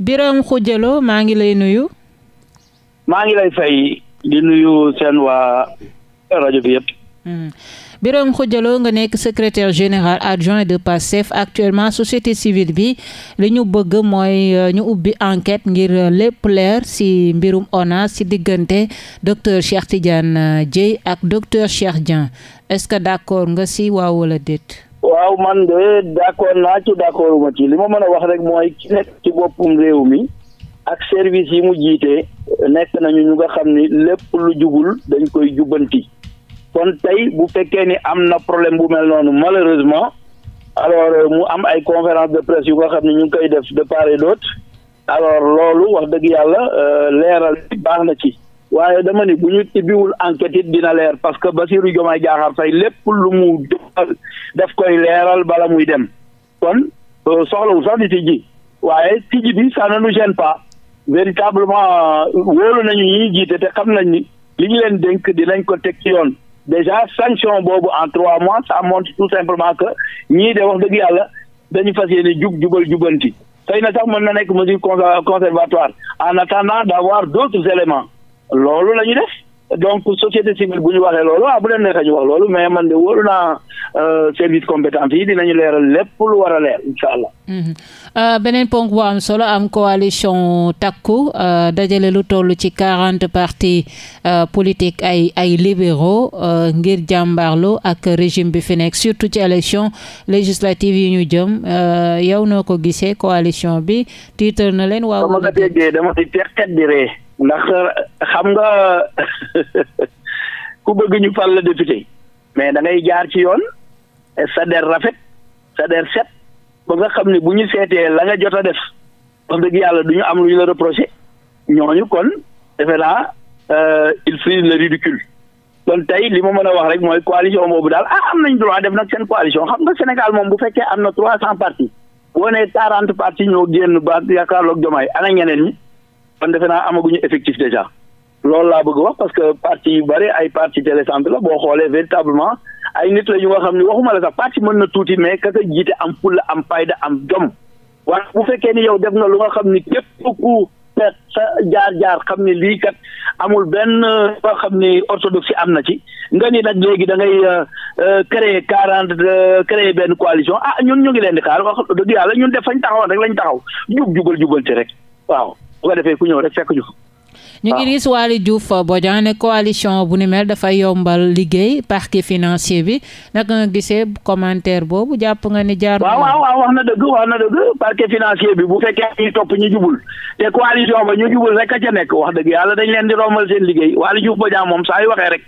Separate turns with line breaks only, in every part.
Birame Khoudia maa ngi lay nuyu.
maa ngi lay fay di nuyu seen waa rajo bi yëpp. Hmm.
Birame Khoudia nga nekk secrétaire général adjoint de PASTEF actuellement société civile bi li ñu bëgg mooy euh, ñu ubbi enquête ngir euh, lépp leer ci mbirum ONAS ci diggante docteur Cheikh Tidiane euh, Dièye ak docteur Cheikh Dieng est-ce que d'accord nga ci waaw wala déet.
waaw man de d'accord naa ci d'accorduma ci li ma mën a wax rek mooy ki nekk ci boppum réew mi ak service yi mu jiite nekk nañu ñu nga xam ni lépp lu jubul dañ koy jubbanti kon tey bu fekkee ni am na problème bu mel noonu malheureusement alors euh, mu am ay conférence de presse yu nga xam ne ñu ngi koy def de pare et d'autre alors loolu wax dëgg yàlla euh, leeral baax na ci waaye dama ni bu ñu ibbiwul enquête it dina leer parce que Bassirou Diomaye Diakhar Faye lépp lu mu def koy leeral bala muy dem kon euh, soxlawu sax di tijji waaye tijji bi ça ne nous gêne pas véritablement euh, wóolu nañu ñuy jiite te xam nañ ni li ñu leen dénk dinañ ko teg ci yoon déjà sanction boobu en trois mois ça montre tout simplement que ñii de wax dëgg yàlla dañu fas yéene jub jubal jubanti xëy na sax mën na nekk mesure conservatoire en attendant d'avoir d'autres éléments loolu la ñu donc société civile bu ñu waxee loolu ah bu leen neexee ñu wax loolu mais man de wóolu naa euh, service compétent yi dinañu leeral lépp lu war a leer incha allah.
Mhm. Euh, beneen ponk bu am solo am coalition takku euh, dajale lu toll ci quarante partis politique ay ay libéraux ngir jàmbaarlu ak régime bi fi nekk surtout ci élection législative yi ñu jëm yow noo ko gisee coalition bi tiital na leen. waaw dama
ko déggee dama di teqet di ree ndax xam nga ku bëgg ñu fal la député mais dangay jaar ci yoon sa der rafet sa der set ba nga xam ne bu ñu seetee la nga jot a def wax dëgg yàlla du ñu am lu ñu la reproché ñooñu kon defe naa euh, il frise le ridicule kon tey li ma mën a wax rek mooy coalition boobu daal ah am nañ droit def nag seen coalition xam nga Sénégal moom bu fekkee am na trois cent partis boo nee quarante partis ñoo génn ba yaakaarloog jomaay ana ñeneen ñi man defe naa amaguñu effectif déjà loolu laa bëgg wax parce que parti yu bari ay parti télécentre la boo xoolee véritablement ay nit la ñu nga xam ne waxuma la sax parti mën na tuuti mais ka ka jiite am fulla am fayda am jom waa bu fekkee ni yow def nga lu nga xam ni képp ku pet sa jaar-jaar xam ni lii kat amul benn nga xam ni orthodoxie am na ci nga ni nag léegi da ngay euh, euh, créer quarante euh, créer benn coalition ah ñun ñu ngi leen di xaar wax dëgg yàlla ñun def fañ taxawoon rek lañ taxaw jub jubal jubal ci rek waaw bu ko defee ku ñëw rek fekk ñu
ñu ngi gis Waly Diouf Bodian coalition bu ni mel dafa yombal liggéey parquet financier bi naka nga gisee commentaire boobu jàpp nga ni jaar. waaw
waaw waaw wax na dëgg wax na dëgg parquet financier bi bu fekkee ñuy topp ñu jubul te coalition ba ñu jubul rek a ca nekk wax dëgg yàlla dañ leen di rombal seen liggéey Waly Diouf Bodian moom saa yu waxee rek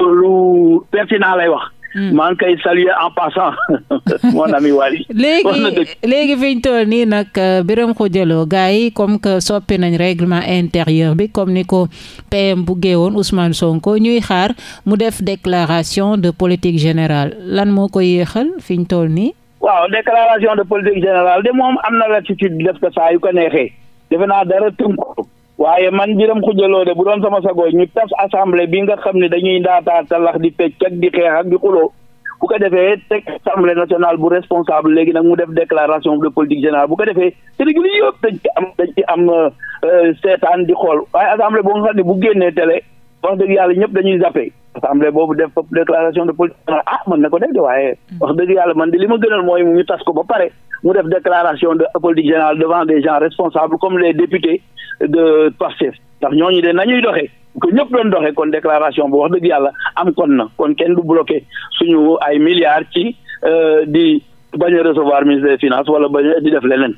lu pertinent lay wax. Hmm. maa ngi koy saluer en léegi
léegi fi ñu nii nag euh, biram Khoudia Lo gars yi comme que soppi nañ règlement intérieur bi comme ni ko PM buggee woon Ousmane Sonko ñuy xaar mu def déclaration de politique général lan moo ko yéexal fi ñu nii
waaw déclaration de politique générale de moom am na latitude def ko saa yu ko neexee defe naa dara tënk ko waaye man Birame Khoudia Lo de bu doon sama sagoo ñu tas assemblée bi nga xam ne dañuy ndaataa talax di fecc ak di xeex ak di xuloo bu ko defee teg assemblée nationale bu responsable léegi nag mu def déclaration de politique générale bu ko defee Sénégal yëpp dañ am dañ ci am euh, euh, seetaan di xool waaye assemblée boo nga xam ne bu génnee télé wax dëgg yàlla ñëpp dañuy zappé assemblée boobu def déclaration de politique générale ah mën na ko def de waaye mm. wax dëgg yàlla man li ma gënal ñu tas ko ba pare mu def déclaration de politique générale devant des gens responsables comme les députés de Pastef ndax ñooñu de nañuy doxe que ñëpp doon doxee kon déclaration bu wax dëgg yàlla am kon na kon kenn du bloqué suñu ay milliards ci euh, di bañ a recevoir ministre des finances wala bañ di def leneen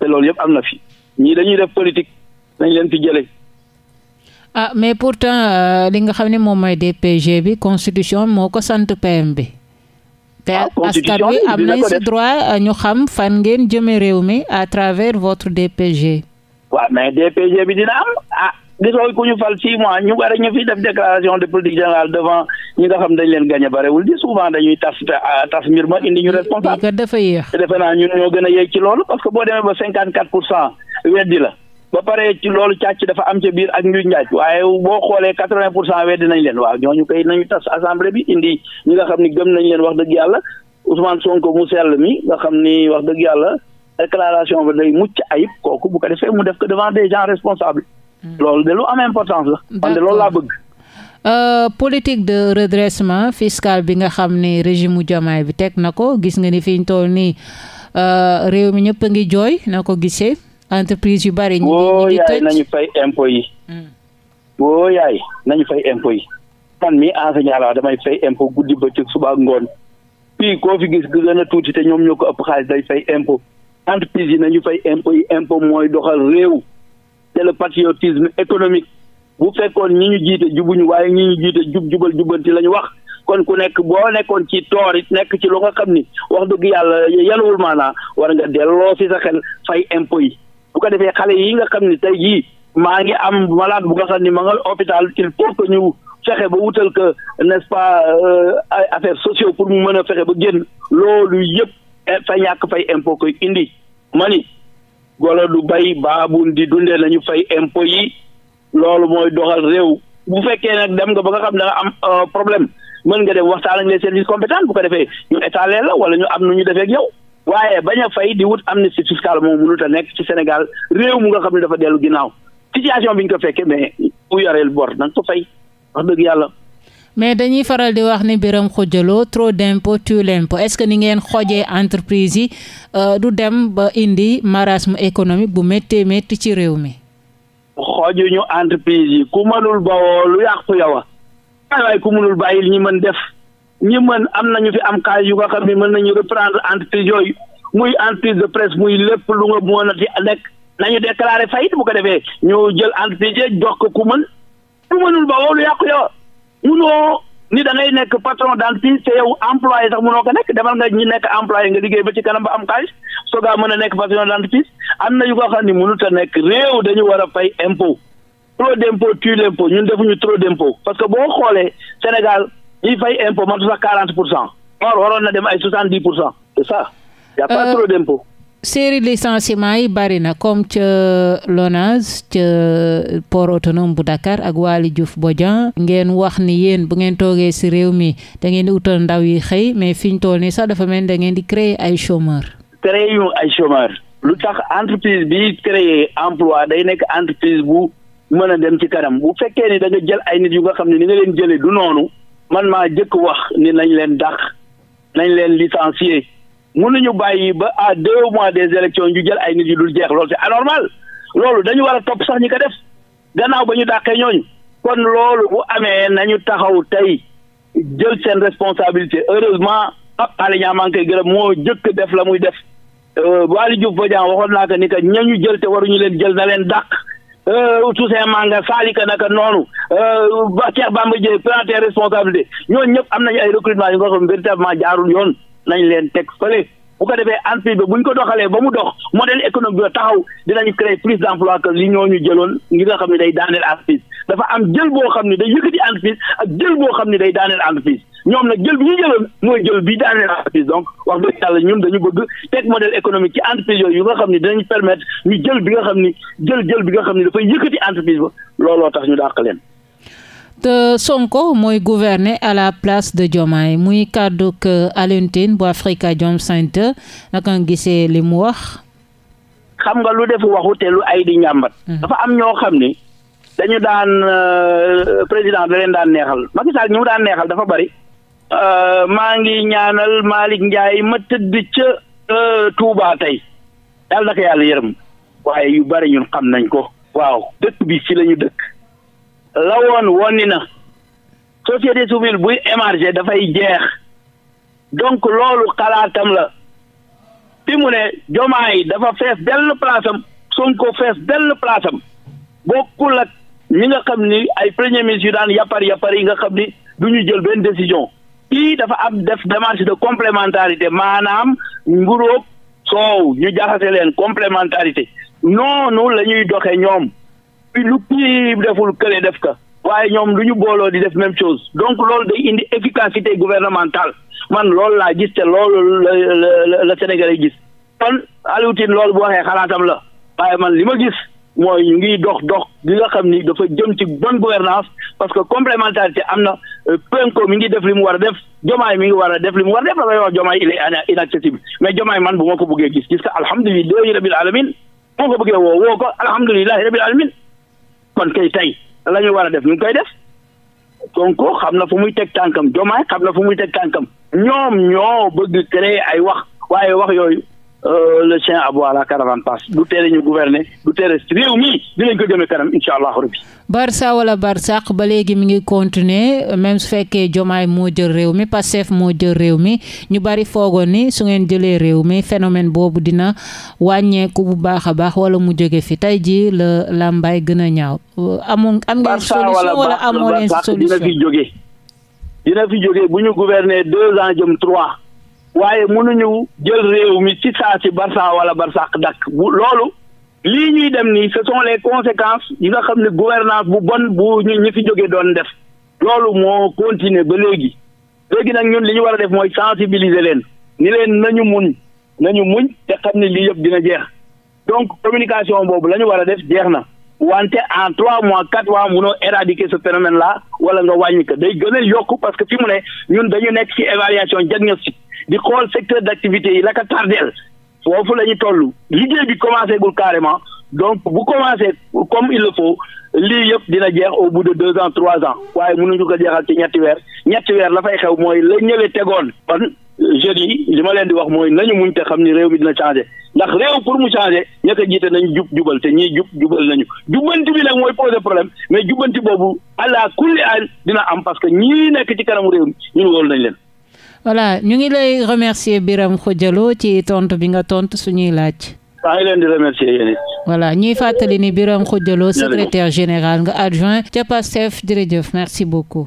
te loolu yëpp am na fi ñii dañuy def politique nañ leen fi jëlee.
ah mais pourtant euh, li nga xam ne moom mooy DPG bi constitution moo ko sant PM bi. te askan wi am na si droit euh, ñu xam fan ngeen jëme réew mi à travers votre DPG.
waaw mais DPG bi dina am ah gisoo ku ñu fal six ñu bari ñu fi def déclaration de politique générale devant ñi nga xam dañ leen gagné barewul di souvent dañuy tas euh, tas mbir indi ñu
responsable. dafa yéex.
defe naa ñun gën a yéeg ci loolu parce boo demee ba cinquante quatre pour cent weddi la. ba pare ci loolu càcc dafa am ca biir ak njuñ njaaj waaye boo xoolee quatre vingt pour cent weddi nañ leen waaw ñooñu koy nañu tas assemblée bi indi ñi nga xam ni gëm nañ leen wax dëgg yàlla Ousmane Sonko mu sell mi nga xam ni wax dëgg yàlla déclaration ba day mucc ayib kooku bu ko defee mu def ko devant des gens responsables. Hmm. loolu de lu am importance la. man de loolu laa bëgg.
Euh, politique de redressement fiscal bi nga xam ne régime mu Diomaye bi teg na ko gis nga ni fi ñu toll nii euh, réew mi ñëpp a ngi jooy na ko gisee. entreprise yu bari. ñu ngi tëj nañu
fay impôt yi. Hmm. woo yaay nañu fay impôt yi. man mii enseignant la damay fay impôt guddi ba ci suba ak ngoon.
fii koo fi gis
gën a tuuti te ñoom ñoo ko ëpp xaalis day fay impôt. entreprise yi nañu fay impôt yi impôt mooy doxal réew. te le patriotisme économique. bu fekkoon ñu ñu jiite jubuñu waaye ñi ñu jiite jub jubal jubanti la ñu wax. kon ku nekk boo nekkoon ci toor it nekk ci lu nga xam ni wax dëgg yàlla yalwul maanaa war nga delloo fi sa xel fay impôt yi bu ko defee xale yi nga xam ne tey jii maa ngi am malade bu nga xam ne ma nga hôpital il faut que ñu fexe ba wutal que n'est-ce pas euh, ay affaires sociaux pour mu mën a fexe ba génn loolu yëpp eh, fa ñàkk fay impôt koy indi mani golo du bay baabun di dundee nañu fay impôt yi loolu mooy doxal réew bu fekkee nag dem nga ba nga xam da nga am euh, problème mën nga dem waxtaan ak les services compétents bu ko defee ñu étaler la wala ñu am nu ñu defee ak yow waaye bañ a fay di wut amnistie fiscale moom mënut a nekk ci Sénégal réew mu nga xam ne dafa dellu ginnaaw situation bi ñu ko fekkee mais ku yoreel bor na ko fay wax dëgg yàlla.
mais dañuy faral di wax ni Birame Khoudia Lo trop d'impôt tue l'impôt est-ce que ni ngeen xoojee entreprise yi euh, du dem ba indi marasme économique bu méttee métti ci réew mi.
xoojuñu entreprise yi ku mënul bawoo lu yàqu yow a waaye ku mënul bàyyil ñi mën def. ñi mën am nañu fi am kaay yu nga xam ne mën nañu reprendre entreprise yooyu muy entreprise de presse muy lépp lu nga mën a ci nekk nañu déclaré faillite bu ko defee ñu jël entreprise yi jox ko ku mën ku mënul ba woo lu yàqu yow munoo ni da ngay nekk patron d'entreprise te yow employé sax munoo ko nekk demal nga ñi nekk employé nga liggéey ba ci kanam ba am xaalis soogaa mën a nekk patron d'entreprise am na yu ko xam ne mënut a nekk réew dañu war a fay impôt trop d'impôt tue l'impôt ñun defuñu trop d'impôt parce que boo xoolee Sénégal ñuy fay impôt matu sax quarante pour cent or waroon na dem ay soixante dix pour cent c'est ça y a pas euh, trop
yi bari na comme ca Lonase ca port autonome bu Dakar ak Waly Diouf Bodian ngeen wax ni yéen bu ngeen toogee si réew mi da ngeen di utal ndaw yi xëy mais fi tool nii sax dafa mel ni da ngeen di créer ay chômeurs.
créer yu ay chômeurs lu tax entreprise bi créer emploi day nekk entreprise bu mën a dem ci kanam bu fekkee ni da jël ay nit yu nga xam ne ni jëlee du noonu. man maa jëkk wax ni nañ leen dàq nañ leen licencier mënuñu bàyyi ba à deux mois des élections yu jël ay nit yu dul jeex loolu c'est anormal loolu dañu war a topp sax ñi ko def gannaaw ba ñu dàqee ñooñu kon loolu bu amee nañu taxaw tey jël seen responsabilité heureusement Pape Alé Niang maa ngi gërëm moo jëkk def la muy def euh, Waly Diouf Bodiang waxoon naa ko ni que ñañu jël te waruñu leen jël na leen dàq Toussaint euh, Manga Salika naka noonu euh, ba Cheikh Bamba Dièye planté responsabilité ñooñu ñëpp am nañu ay recrutement yu nga xam véritablement jaarul yoon nañ leen teg fële bu ko defee entreprise bi bu ko doxalee ba mu dox modèle économique bi taxaw dinañu créer plus d'emploi que ñoo ñu jëloon ngi nga xam ni day daaneel entreprise dafa am jël boo xam ne day yëkkati entreprise ak jël boo xam ne day daaneel entreprise ñoom nag jël bi ñu jëloon mooy jël bi daaneel entreprise donc wax dëgg yàlla ñun dañu bëgg teg modèle économique ci entreprise yooyu yu nga xam ne dinañ permettre ñu jël bi nga xam ni jël jël bi nga xam ne dafay yëkkati entreprise ba looloo tax ñu dàq leen.
te Sonko mooy gouverner à la place de Diomaye muy kàddu ak euh, Alioune Tine bu Afrikajom Center gisee li mu wax.
xam nga lu def waxu te ay di njàmbat. Hmm. am ñoo xam ni dañu daan euh, président da leen daan neexal Macky Sall ñu daan neexal dafa bari. Euh, maa ngi ñaanal Malick Ndiaye ma tëdd ca euh, Touba tey yàlla na yàlla yërëm waaye yu bari ñun xam nañ ko waaw dëkk bi ci lañu dëkk la woon wonni na société civile buy émerger dafay jeex donc loolu xalaatam la fi mu ne yi dafa fees dell place am Sonko fees dell place am bokkul ak ñi nga xam ni ay premier ministre yu daan yapar yapar yi nga xam ni du ñu jël benn décision kii dafa am def démarche de complémentarité maanaam mburoog soow ñu jaxase leen complémentarité noonu la ñuy doxee ñoom lu kii deful kële def ka waaye ñoom lu ñu booloo di def même chose donc loolu day indi efficacité gouvernementale man lool laa gis te loolu la la Sénégalais gis kon Alioune Tine loolu bu waxee xalaatam la waaye man li ma gis mooy ñu ngi dox dox li nga xam ni dafa jëm ci bonne gouvernance parce que complémentarité am na Sonko mi ngi def li mu war a def Diomaye mi ngi war a def li mu war a def damay wax Diomaye il est inaccessible mais Diomaye man bu ma ko bëggee gis gis que alhamdulilahi rabil alamin bu ma ko bëggee woo woo ko alhamdulilahi rabil alamin kon kay tey la ñu war a def ñu ngi koy def Sonko xam na fu muy teg tànkam Diomaye xam na fu muy teg tànkam ñoom ñoo bëgg créer ay wax waaye wax yooyu Euh, le chien aboie la caravane passe du tere ñu gouverner du tere réew mi dinañ ko jëmee kanam incha allahu rabbi.
Barça wala Barsaq ba léegi mi ngi continuer même su fekkee Jomaay moo jël réew mi Pastef moo jël réew mi ñu bari foogoon ni su ngeen jëlee réew mi phénomène boobu dina wàññeeku bu baax a baax wala mu jóge fi tey jii la làmbaay gën a ñaaw. Euh, amoon am ngeen solution wala amoo leen solution dina fi
jóge dina fi jóge bu ñu gouverner deux jëm trois. waaye mënuñu jël réew mi si saa si Barça wala Barsax dakk bu loolu lii ñuy dem nii ce les conséquences yi nga xam ne gouvernance bu bon bu ñu ñi fi jógee doon def loolu moo continuer ba léegi léegi nag ñun li ñu war a def mooy sensibiliser leen ni leen nañu muñ nañu muñ te xam ne lii yëpp dina jeex donc communication boobu lañu ñu war a def jeex na wante en trois mois quatre mois munoo éradiquer ce phénomène là wala nga wàññi ko day gën a yokk parce que fi mu ne ñun dañu nekk ci évaluation diagnostique di xool secteur d' activité yi la ka tardeel foofu la ñu toll liggéey bi commencé gul carrément donc bu commencé comme il le faut lii yëpp dina jeex au bout de deux ans trois ans waaye mënuñu ko jeexal ci ñetti weer ñetti weer la fay xew mooy la ñëwee tegoon kon jeudi li ma leen di wax mooy nañu muñ te xam ni réew mi dina changé ndax réew pour mu changer ña jiite nañ jub jubal te ñii jub jubal nañu jubbanti bi nag mooy poser problème mais jubbanti boobu allah kulli an dina am parce ñii nekk ci kanamu réew mi ñun wóolu nañ leen.
voilà ñu ngi lay remercier biram Khoudia Lo ci tontu bi nga tontu suñuy laaj.
maa ngi leen di remercier yéen it.
voilà ñuy fàttali ni biram Khoudia Lo secrétaire général nga adjoint ca PASTEF jërëjëf merci beaucoup.